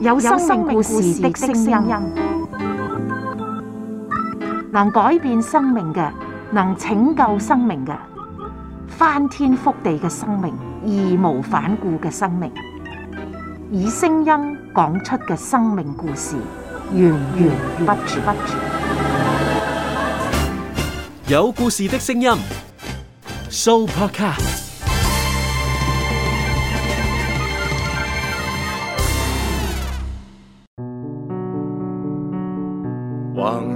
有生命故事的聲音，能改變生命嘅，能拯救生命嘅，翻天覆地嘅生命，義無反顧嘅生命，以聲音講出嘅生命故事，源源不絕。有故事的聲音，Supercar。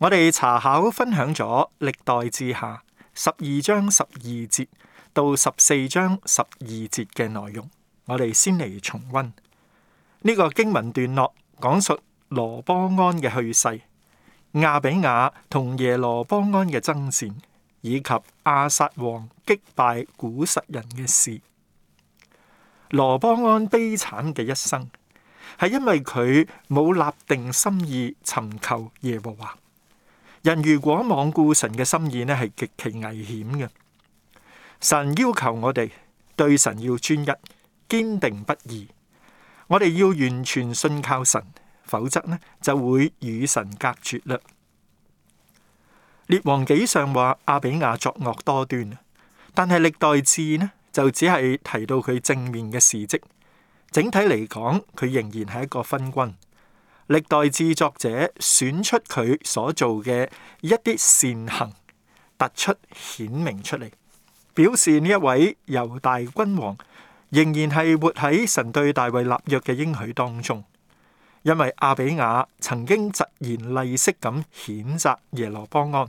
我哋查考分享咗歷代志下十二章十二節到十四章十二節嘅內容。我哋先嚟重溫呢、這個經文段落，講述羅波安嘅去世、亞比雅同耶羅波安嘅爭戰，以及阿撒王擊敗古實人嘅事。羅波安悲慘嘅一生係因為佢冇立定心意尋求耶和華。人如果罔顧神嘅心意呢，係極其危險嘅。神要求我哋對神要專一、堅定不移，我哋要完全信靠神，否則呢就會與神隔絕嘞。列王紀上話亞比雅作惡多端，但係歷代志呢就只係提到佢正面嘅事跡。整體嚟講，佢仍然係一個昏君。歷代志作者選出佢所做嘅一啲善行，突出顯明出嚟，表示呢一位猶大君王仍然係活喺神對大衛立約嘅應許當中。因為亞比亞曾經疾言厲色咁譴責耶羅波安，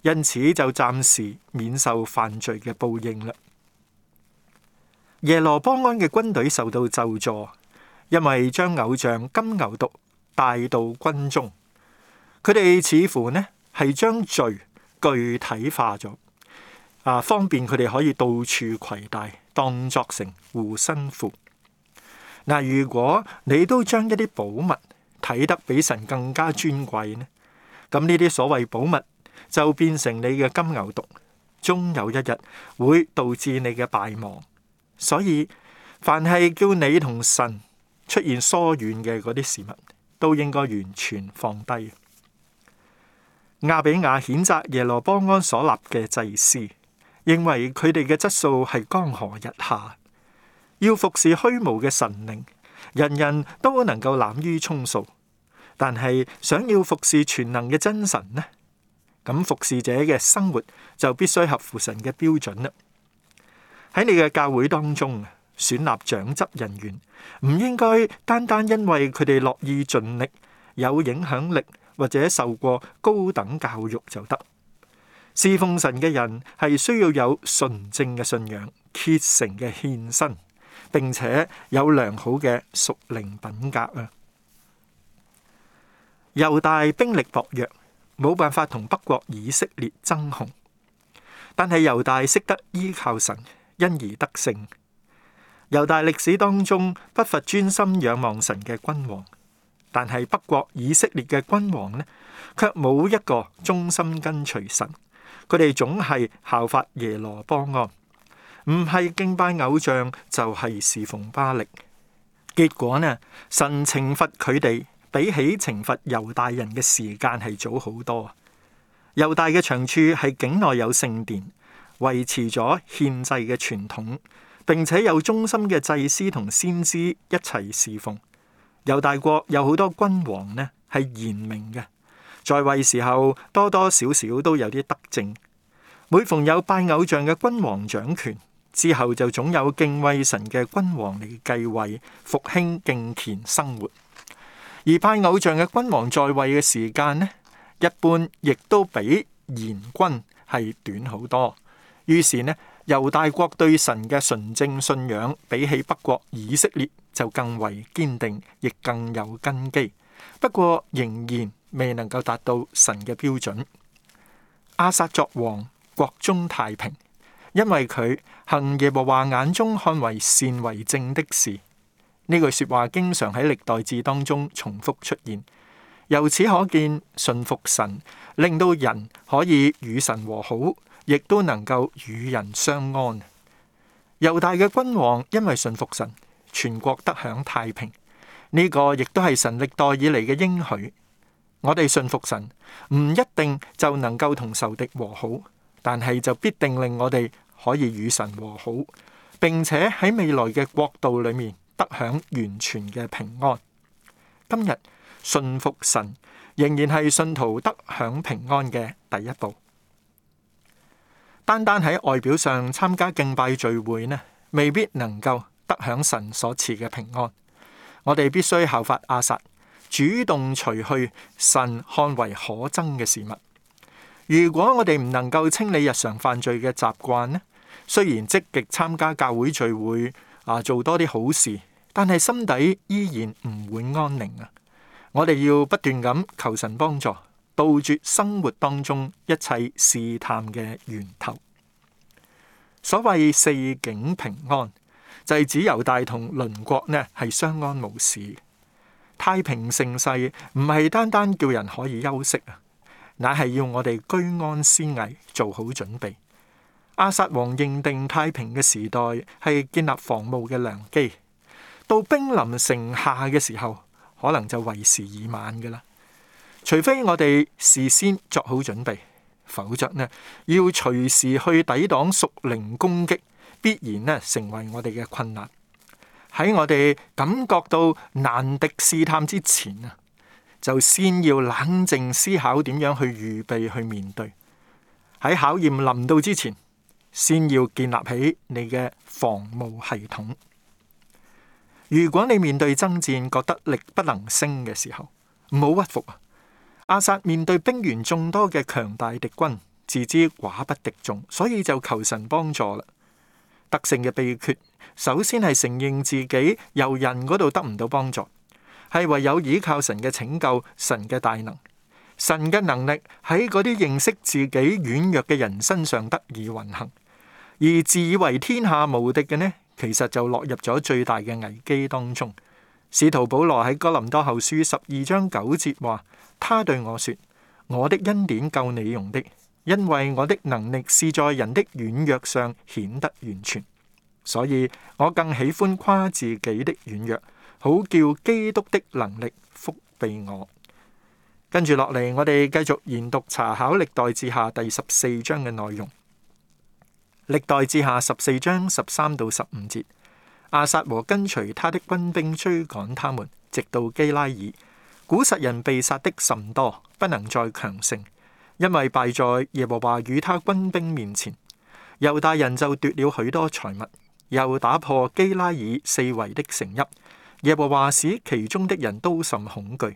因此就暫時免受犯罪嘅報應啦。耶羅波安嘅軍隊受到咒助，因為將偶像金牛犢帶到軍中，佢哋似乎呢，係將罪具體化咗啊，方便佢哋可以到處攜帶，當作成護身符。嗱、啊，如果你都將一啲寶物睇得比神更加尊貴呢，咁呢啲所謂寶物就變成你嘅金牛犢，終有一日會導致你嘅敗亡。所以凡係叫你同神出現疏遠嘅嗰啲事物，都應該完全放低。亞比雅譴責耶羅波安所立嘅祭司，認為佢哋嘅質素係江河日下，要服侍虛無嘅神靈，人人都能夠濫竽充數。但係想要服侍全能嘅真神呢，咁服侍者嘅生活就必須合乎神嘅標準啦。喺你嘅教會當中，選立長執人員唔應該單單因為佢哋樂意盡力、有影響力或者受過高等教育就得。侍奉神嘅人係需要有純正嘅信仰、虔誠嘅獻身，並且有良好嘅屬靈品格啊。猶大兵力薄弱，冇辦法同北國以色列爭雄，但係猶大識得依靠神，因而得勝。猶大歷史當中不乏專心仰望神嘅君王，但係北國以色列嘅君王呢，卻冇一個忠心跟隨神。佢哋總係效法耶羅波安，唔係敬拜偶像就係侍奉巴力。結果呢，神懲罰佢哋，比起懲罰猶大人嘅時間係早好多。猶大嘅長處係境內有聖殿，維持咗獻祭嘅傳統。並且有忠心嘅祭司同先知一齊侍奉。猶大國有好多君王呢，係賢明嘅，在位時候多多少少都有啲德政。每逢有拜偶像嘅君王掌權之後，就總有敬畏神嘅君王嚟繼位復興敬虔生活。而拜偶像嘅君王在位嘅時間呢，一般亦都比賢君係短好多。於是呢，猶大國對神嘅純正信仰，比起北國以色列就更為堅定，亦更有根基。不過仍然未能夠達到神嘅標準。亞撒作王，國中太平，因為佢行耶和華眼中看為善為正的事。呢句說話經常喺歷代志當中重複出現，由此可見，信服神令到人可以與神和好。亦都能夠與人相安。猶大嘅君王因為信服神，全國得享太平。呢個亦都係神歷代以嚟嘅應許。我哋信服神，唔一定就能夠同仇敵和好，但係就必定令我哋可以與神和好，並且喺未來嘅國度裏面得享完全嘅平安。今日信服神，仍然係信徒得享平安嘅第一步。單單喺外表上參加敬拜聚會呢，未必能夠得享神所賜嘅平安。我哋必須效法亞撒，主動除去神看為可憎嘅事物。如果我哋唔能夠清理日常犯罪嘅習慣呢，雖然積極參加教會聚會啊，做多啲好事，但係心底依然唔會安寧啊！我哋要不斷咁求神幫助。杜絕生活當中一切試探嘅源頭。所謂四境平安，就係指猶大同鄰國呢係相安無事。太平盛世唔係單單叫人可以休息啊，乃係要我哋居安思危，做好準備。阿薩王認定太平嘅時代係建立防務嘅良機，到兵臨城下嘅時候，可能就為時已晚㗎喇。除非我哋事先作好準備，否則呢，要隨時去抵擋屬靈攻擊，必然咧成為我哋嘅困難。喺我哋感覺到難敵試探之前啊，就先要冷靜思考點樣去預備去面對。喺考驗臨到之前，先要建立起你嘅防務系統。如果你面對爭戰覺得力不能勝嘅時候，唔好屈服啊！阿薩面對兵員眾多嘅強大敵軍，自知寡不敵眾，所以就求神幫助啦。得勝嘅秘訣，首先係承認自己由人嗰度得唔到幫助，係唯有依靠神嘅拯救、神嘅大能。神嘅能力喺嗰啲認識自己軟弱嘅人身上得以運行，而自以為天下無敵嘅呢，其實就落入咗最大嘅危機當中。使徒保羅喺哥林多後書十二章九節話：他對我說：我的恩典夠你用的，因為我的能力是在人的軟弱上顯得完全。所以我更喜歡誇自己的軟弱，好叫基督的能力覆庇我。跟住落嚟，我哋繼續研讀查考歷代志下第十四章嘅內容。歷代志下十四章十三到十五節：阿薩和跟隨他的軍兵追趕他們，直到基拉耳。古實人被殺的甚多，不能再強盛，因為敗在耶和華與他軍兵面前。猶大人就奪了許多財物，又打破基拉耳四圍的城邑。耶和華使其中的人都甚恐懼。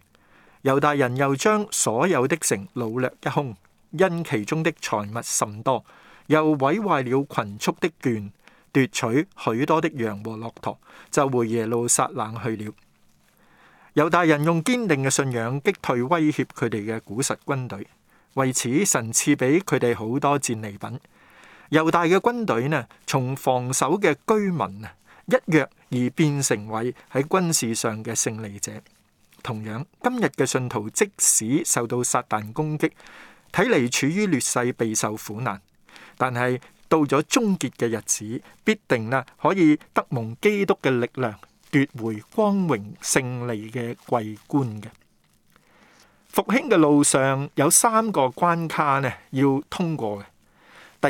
猶大人又將所有的城擄掠一空，因其中的財物甚多。又毀壞了群畜的圈，奪取許多的羊和駱駝，就回耶路撒冷去了。猶大人用堅定嘅信仰擊退威脅佢哋嘅古實軍隊，為此神賜俾佢哋好多戰利品。猶大嘅軍隊呢，從防守嘅居民啊一躍而變成為喺軍事上嘅勝利者。同樣，今日嘅信徒即使受到撒但攻擊，睇嚟處於劣勢、備受苦難，但係到咗終結嘅日子，必定啦可以得蒙基督嘅力量。奪回光榮勝利嘅桂冠嘅復興嘅路上有三個關卡呢，要通過嘅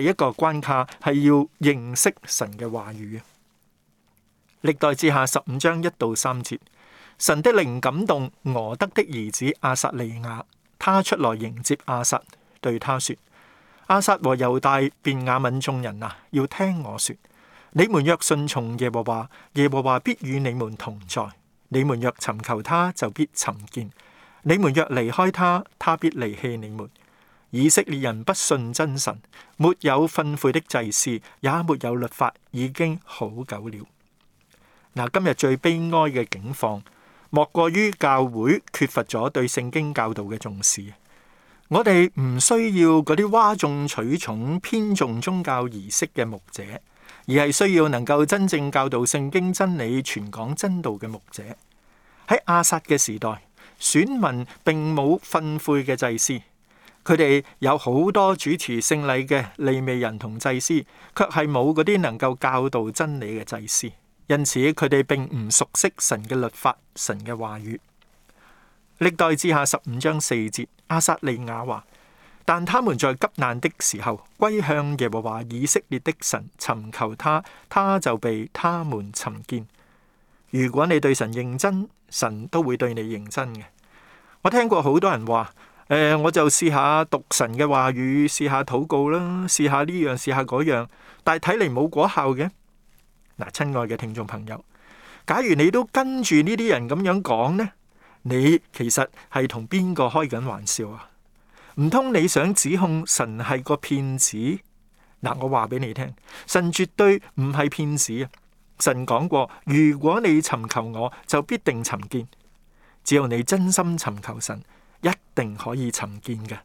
第一個關卡係要認識神嘅話語啊。歷代志下十五章一到三節，神的靈感動俄德的兒子亞撒利雅，他出來迎接亞撒，對他說：亞撒和猶大便雅憫眾人啊，要聽我說。你們若信從耶和華，耶和華必與你們同在；你們若尋求他，就必尋見；你們若離開他，他必離棄你們。以色列人不信真神，沒有訓誨的祭司，也沒有律法，已經好久了。嗱，今日最悲哀嘅境況，莫過於教會缺乏咗對聖經教導嘅重視。我哋唔需要嗰啲嘩眾取寵、偏重宗教儀式嘅牧者。而係需要能夠真正教導聖經真理、傳講真道嘅牧者。喺阿薩嘅時代，選民並冇訓誨嘅祭司，佢哋有好多主持聖禮嘅利未人同祭司，卻係冇嗰啲能夠教導真理嘅祭司，因此佢哋並唔熟悉神嘅律法、神嘅話語。歷代志下十五章四節，阿薩利亞話。但他們在急難的時候歸向耶和華以色列的神尋求他，他就被他們尋見。如果你對神認真，神都會對你認真嘅。我聽過好多人話，誒、呃，我就試下讀神嘅話語，試下禱告啦，試下呢樣，試下嗰樣，但係睇嚟冇果效嘅。嗱，親愛嘅聽眾朋友，假如你都跟住呢啲人咁樣講呢，你其實係同邊個開緊玩笑啊？唔通你想指控神係個騙子？嗱、啊，我話俾你聽，神絕對唔係騙子啊！神講過，如果你尋求我，就必定尋見。只要你真心尋求神，一定可以尋見嘅。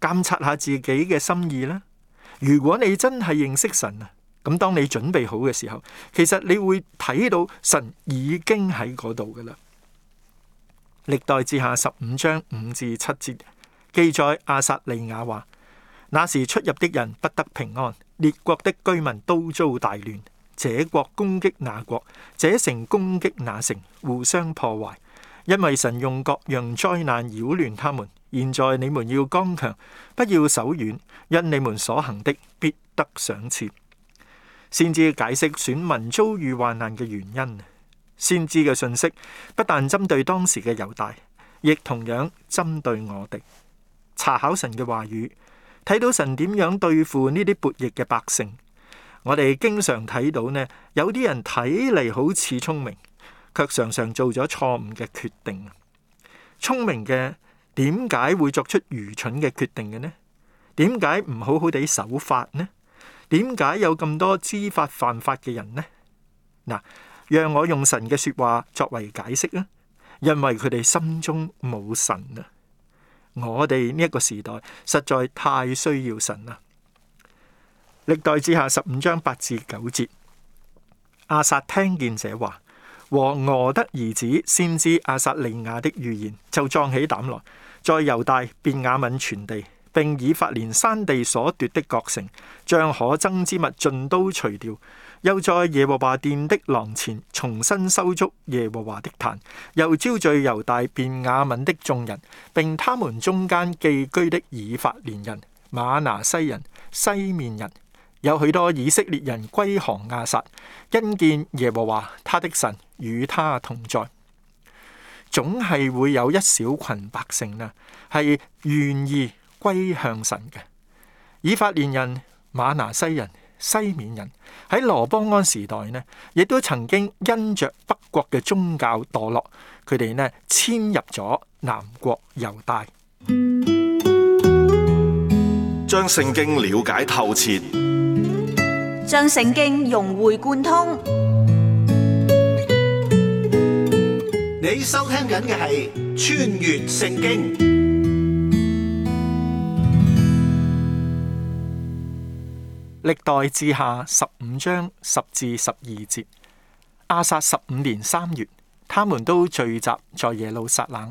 監察下自己嘅心意啦。如果你真係認識神啊，咁當你準備好嘅時候，其實你會睇到神已經喺嗰度噶啦。歷代志下十五章五至七節。記載阿撒利雅話：那時出入的人不得平安，列國的居民都遭大亂，這國攻擊那國，這城攻擊那城，互相破壞。因為神用各樣災難擾亂他們。現在你們要剛強，不要手軟，因你們所行的必得賞賜。先知解釋選民遭遇患難嘅原因，先知嘅信息不但針對當時嘅猶大，亦同樣針對我哋。查考神嘅話語，睇到神點樣對付呢啲悖逆嘅百姓。我哋經常睇到呢，有啲人睇嚟好似聰明，卻常常做咗錯誤嘅決定。聰明嘅點解會作出愚蠢嘅決定嘅呢？點解唔好好地守法呢？點解有咁多知法犯法嘅人呢？嗱，讓我用神嘅說話作為解釋啊，因為佢哋心中冇神啊。我哋呢一個時代實在太需要神啦！歷代志下十五章八至九節，亞撒聽見這話，和俄得兒子先知亞撒利雅的預言，就壯起膽來，在猶大便雅憫全地，並以法蓮山地所奪的各城，將可憎之物盡都除掉。又在耶和華殿的廊前重新修築耶和華的壇，又招聚猶大便雅憫的眾人，並他們中間寄居的以法蓮人、瑪拿西人、西面人，有許多以色列人歸降亞撒，因見耶和華他的神與他同在。總係會有一小群百姓啦，係願意歸向神嘅。以法蓮人、瑪拿西人。西緬人喺羅邦安時代呢，亦都曾經因着北國嘅宗教墮落，佢哋呢遷入咗南國猶大，將聖經了解透徹，將聖經融會貫通。貫通，你收聽緊嘅係《穿越聖經》。歷代志下十五章十至十二節，亞撒十五年三月，他們都聚集在耶路撒冷。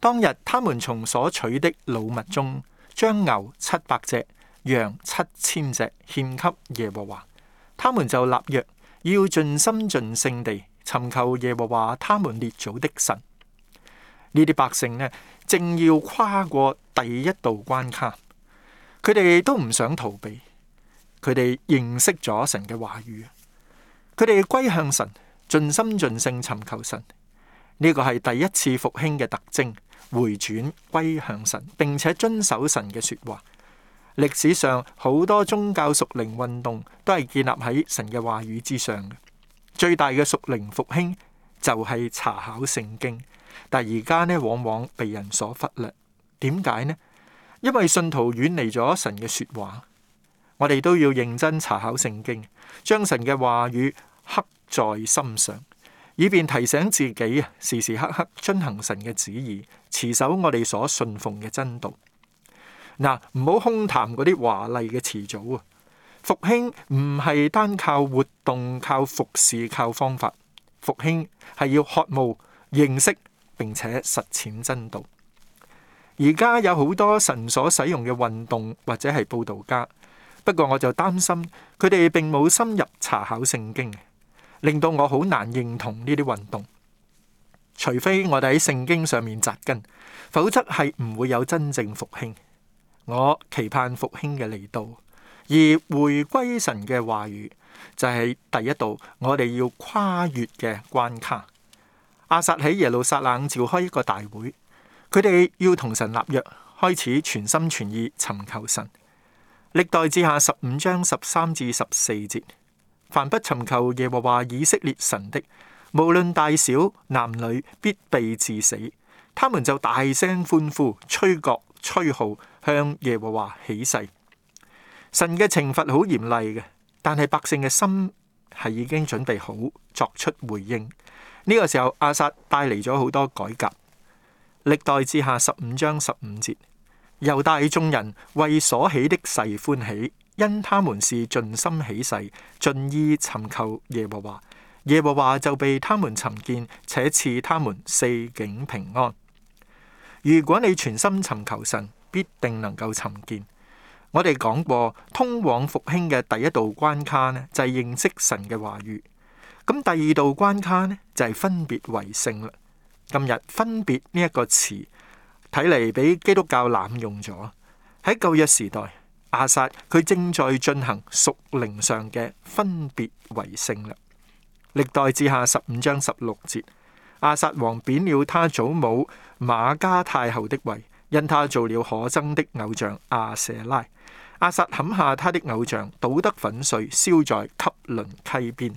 當日，他們從所取的擄物中，將牛七百隻、羊七千隻獻給耶和華。他們就立約，要盡心盡性地尋求耶和華他們列祖的神。呢啲百姓呢，正要跨過第一道關卡，佢哋都唔想逃避。佢哋認識咗神嘅話語，佢哋歸向神，盡心盡性尋求神。呢個係第一次復興嘅特徵：回轉歸向神，並且遵守神嘅說話。歷史上好多宗教屬靈運動都係建立喺神嘅話語之上嘅。最大嘅屬靈復興就係查考聖經，但而家呢，往往被人所忽略。點解呢？因為信徒遠離咗神嘅說話。我哋都要認真查考聖經，將神嘅話語刻在心上，以便提醒自己啊，時時刻刻遵行神嘅旨意，持守我哋所信奉嘅真道。嗱，唔好空談嗰啲華麗嘅詞藻啊！復興唔係單靠活動、靠服侍，靠方法，復興係要渴慕認識並且實踐真道。而家有好多神所使用嘅運動或者係布道家。不過我就擔心佢哋並冇深入查考聖經，令到我好難認同呢啲運動。除非我哋喺聖經上面扎根，否則係唔會有真正復興。我期盼復興嘅嚟到，而回歸神嘅話語就係、是、第一道我哋要跨越嘅關卡。亞撒喺耶路撒冷召開一個大會，佢哋要同神立約，開始全心全意尋求神。歷代志下十五章十三至十四節，凡不尋求耶和華以色列神的，無論大小男女，必被致死。他們就大聲歡呼、吹角、吹號，向耶和華起誓。神嘅懲罰好嚴厲嘅，但係百姓嘅心係已經準備好作出回應。呢、這個時候，亞撒帶嚟咗好多改革。歷代志下十五章十五節。又猶大眾人為所起的誓歡喜，因他們是盡心起誓，盡意尋求耶和華，耶和華就被他們尋見，且賜他們四境平安。如果你全心尋求神，必定能夠尋見。我哋講過，通往復興嘅第一道關卡呢，就係、是、認識神嘅話語。咁第二道關卡呢，就係、是、分別為聖啦。今日分別呢一個詞。睇嚟俾基督教濫用咗。喺舊約時代，亞撒佢正在進行屬靈上嘅分別為聖啦。歷代志下十五章十六節，亞撒王貶了他祖母瑪迦太后的位，因他做了可憎的偶像亞舍拉。亞撒砍下他的偶像搗得粉碎，燒在汲淪溪邊。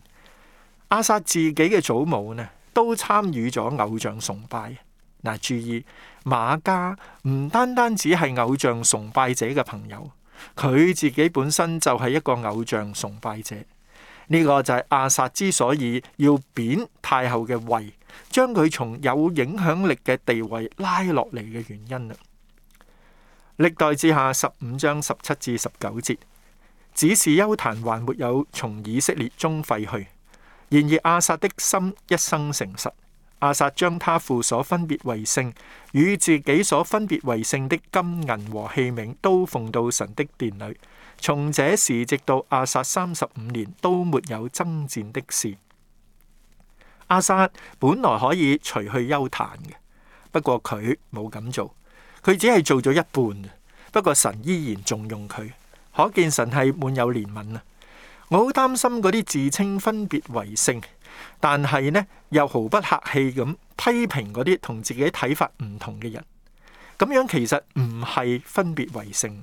亞撒自己嘅祖母呢，都參與咗偶像崇拜。嗱，注意，瑪迦唔單單只係偶像崇拜者嘅朋友，佢自己本身就係一個偶像崇拜者。呢、這個就係亞撒之所以要貶太后嘅位，將佢從有影響力嘅地位拉落嚟嘅原因啦。歷代志下十五章十七至十九節，只是邱壇還沒有從以色列中廢去，然而亞撒的心一生誠實。阿薩將他父所分別為聖與自己所分別為聖的金銀和器皿都奉到神的殿裏。從這時直到阿薩三十五年都沒有爭戰的事。阿薩本來可以除去丘壇嘅，不過佢冇咁做，佢只係做咗一半。不過神依然重用佢，可見神係滿有憐憫啊！我好擔心嗰啲自稱分別為聖。但係咧，又毫不客氣咁批評嗰啲同自己睇法唔同嘅人，咁樣其實唔係分別為聖，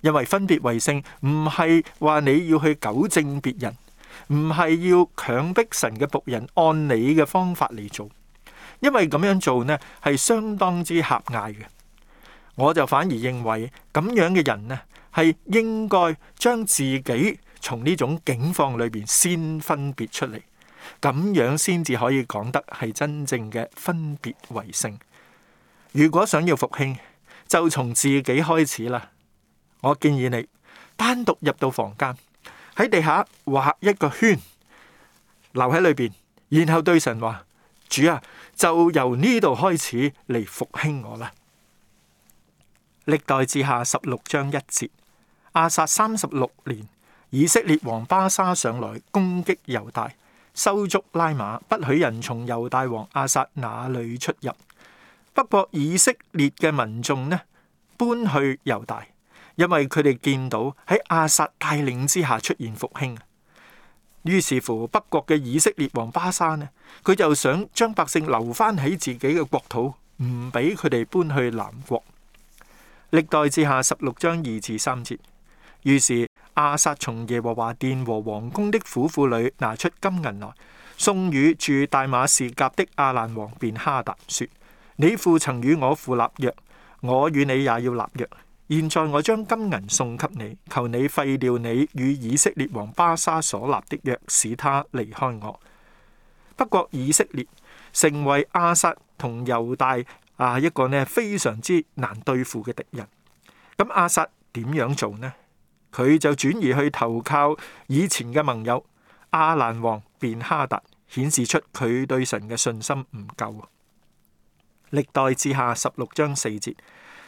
因為分別為聖唔係話你要去糾正別人，唔係要強迫神嘅僕人按你嘅方法嚟做，因為咁樣做呢，係相當之狹隘嘅。我就反而認為咁樣嘅人呢，係應該將自己從呢種境況裏邊先分別出嚟。咁樣先至可以講得係真正嘅分別為聖。如果想要復興，就從自己開始啦。我建議你單獨入到房間，喺地下畫一個圈，留喺裏邊，然後對神話，主啊，就由呢度開始嚟復興我啦。歷代志下十六章一節，阿薩三十六年，以色列王巴沙上來攻擊猶大。收足拉馬，不許人從猶大王亞撒那裏出入。北國以色列嘅民眾呢，搬去猶大，因為佢哋見到喺亞撒帶領之下出現復興。於是乎，北國嘅以色列王巴沙呢，佢就想將百姓留翻喺自己嘅國土，唔俾佢哋搬去南國。歷代志下十六章二至三節。於是。阿薩從耶和華殿和王宮的府庫裏拿出金銀來，送與住大馬士革的阿蘭王便哈達說：你父曾與我父立約，我與你也要立約。現在我將金銀送給你，求你廢掉你與以色列王巴沙所立的約，使他離開我。不過以色列成為阿薩同猶大啊，一個呢，非常之難對付嘅敵人。咁阿薩點樣做呢？佢就轉移去投靠以前嘅盟友阿蘭王便哈達，顯示出佢對神嘅信心唔夠。歷代志下十六章四節，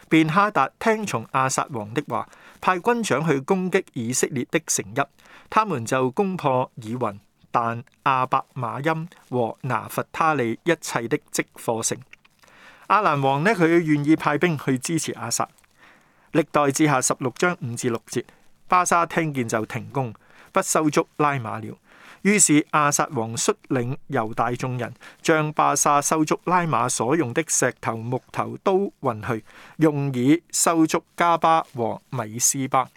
便哈達聽從亞撒王的話，派軍長去攻擊以色列的城邑，他們就攻破以雲、但、亞伯、馬音和拿弗他利一切的積貨城。阿蘭王呢，佢願意派兵去支持亞撒。歷代志下十六章五至六節。巴沙聽見就停工，不收足拉馬了。於是阿薩王率領猶大眾人，將巴沙收足拉馬所用的石頭、木頭都運去，用以收足加巴和米斯巴。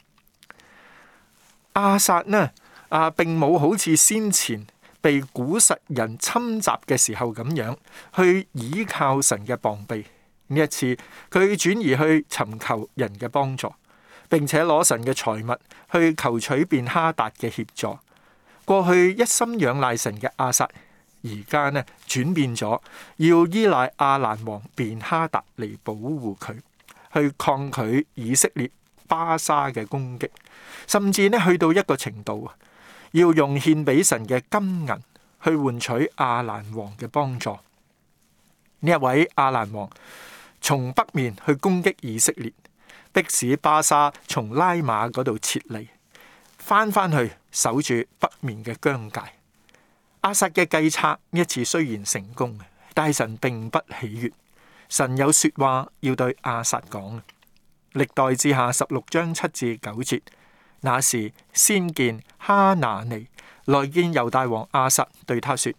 阿薩呢，啊，並冇好似先前被古實人侵襲嘅時候咁樣，去倚靠神嘅防備。呢一次，佢轉移去尋求人嘅幫助。並且攞神嘅財物去求取便哈達嘅協助。過去一心仰賴神嘅阿薩，而家呢轉變咗，要依賴阿蘭王便哈達嚟保護佢，去抗拒以色列巴沙嘅攻擊，甚至呢去到一個程度啊，要用獻俾神嘅金銀去換取阿蘭王嘅幫助。呢一位阿蘭王從北面去攻擊以色列。迫使巴沙從拉馬嗰度撤離，翻返去守住北面嘅疆界。亞撒嘅計策一次雖然成功嘅，但係神並不喜悅。神有說話要對亞撒講。歷代志下十六章七至九節，那時先見哈拿尼來見猶大王亞撒，對他說：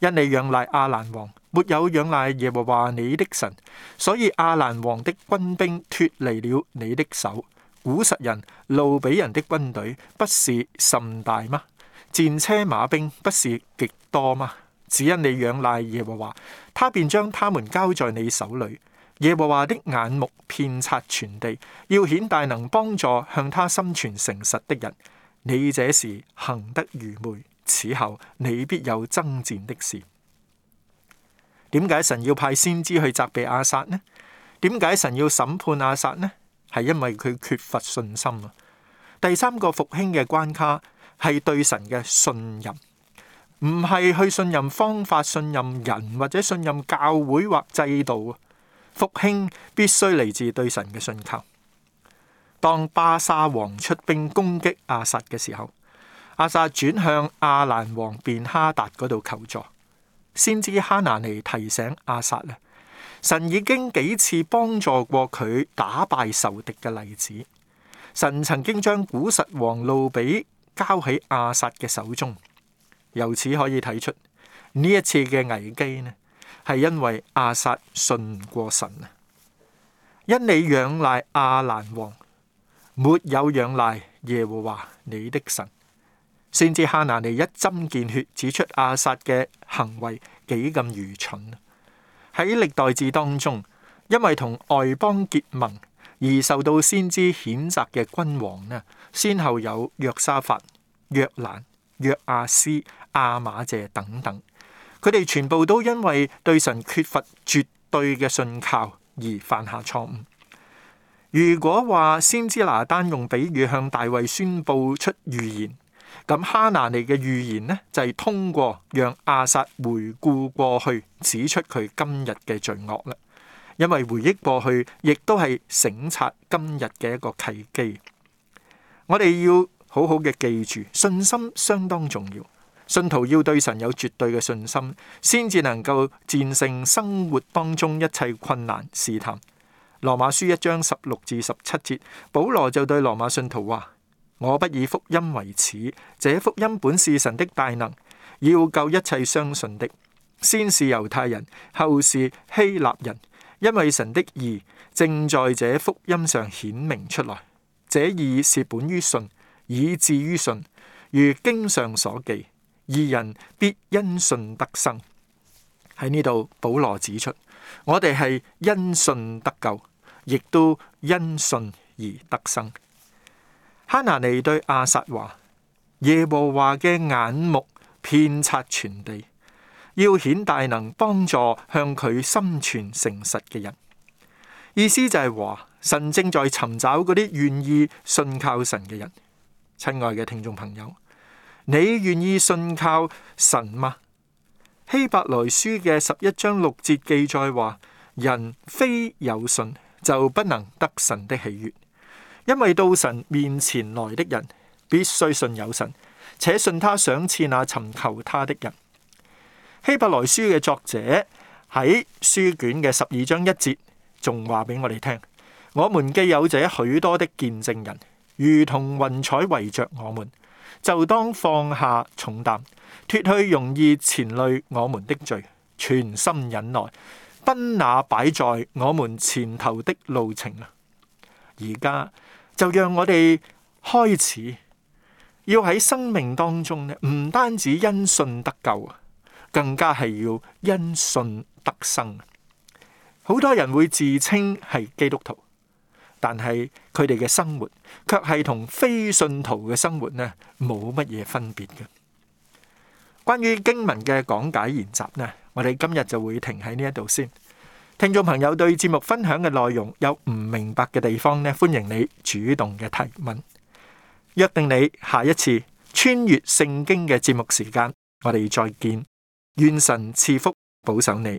因你仰賴亞蘭王。沒有仰賴耶和華你的神，所以亞蘭王的軍兵脫離了你的手。古實人路比人的軍隊不是甚大嗎？戰車馬兵不是極多嗎？只因你仰賴耶和華，他便將他們交在你手裏。耶和華的眼目遍察全地，要顯大能幫助向他心存誠實的人。你這事行得愚昧，此後你必有爭戰的事。點解神要派先知去責備阿薩呢？點解神要審判阿薩呢？係因為佢缺乏信心啊！第三個復興嘅關卡係對神嘅信任，唔係去信任方法，信任人或者信任教會或制度啊！復興必須嚟自對神嘅信靠。當巴沙王出兵攻擊阿薩嘅時候，阿薩轉向阿蘭王便哈達嗰度求助。先知哈拿尼提醒阿薩咧，神已經幾次幫助過佢打敗仇敵嘅例子，神曾經將古實王路比交喺阿薩嘅手中，由此可以睇出呢一次嘅危機呢係因為阿薩信唔過神啊，因你仰賴阿蘭王，沒有仰賴耶和華你的神。先知哈拿尼一針見血指出阿薩嘅行為幾咁愚蠢。喺歷代志當中，因為同外邦結盟而受到先知譴責嘅君王呢，先後有約沙法、約蘭、約阿斯、阿瑪謝等等。佢哋全部都因為對神缺乏絕對嘅信靠而犯下錯誤。如果話先知拿單用比喻向大衛宣布出預言。咁哈拿尼嘅預言呢，就係通過讓阿薩回顧過去，指出佢今日嘅罪惡啦。因為回憶過去，亦都係省察今日嘅一個契機。我哋要好好嘅記住，信心相當重要。信徒要對神有絕對嘅信心，先至能夠戰勝生活當中一切困難試探。羅馬書一章十六至十七節，保羅就對羅馬信徒話。我不以福音為恥，這福音本是神的大能，要救一切相信的。先是猶太人，後是希臘人，因為神的義正在這福音上顯明出來。這義是本於信，以致於信，如經上所記：義人必因信得生。喺呢度，保羅指出，我哋係因信得救，亦都因信而得生。哈拿尼對阿薩話：耶和華嘅眼目遍察全地，要顯大能幫助向佢心存誠實嘅人。意思就係話，神正在尋找嗰啲願意信靠神嘅人。親愛嘅聽眾朋友，你願意信靠神嗎？希伯來書嘅十一章六節記載話：人非有信就不能得神的喜悅。因為到神面前來的人，必須信有神，且信他賞賜那尋求他的人。希伯來書嘅作者喺書卷嘅十二章一節，仲話俾我哋聽：我們既有這許多的見證人，如同雲彩圍着我們，就當放下重擔，脫去容易纏累我們的罪，全心忍耐，奔那擺在我們前頭的路程啊！而家。就讓我哋開始要喺生命當中咧，唔單止因信得救啊，更加係要因信得生。好多人會自稱係基督徒，但係佢哋嘅生活卻係同非信徒嘅生活咧冇乜嘢分別嘅。關於經文嘅講解研習咧，我哋今日就會停喺呢一度先。聽眾朋友對節目分享嘅內容有唔明白嘅地方呢？歡迎你主動嘅提問。約定你下一次穿越聖經嘅節目時間，我哋再見。願神賜福，保守你。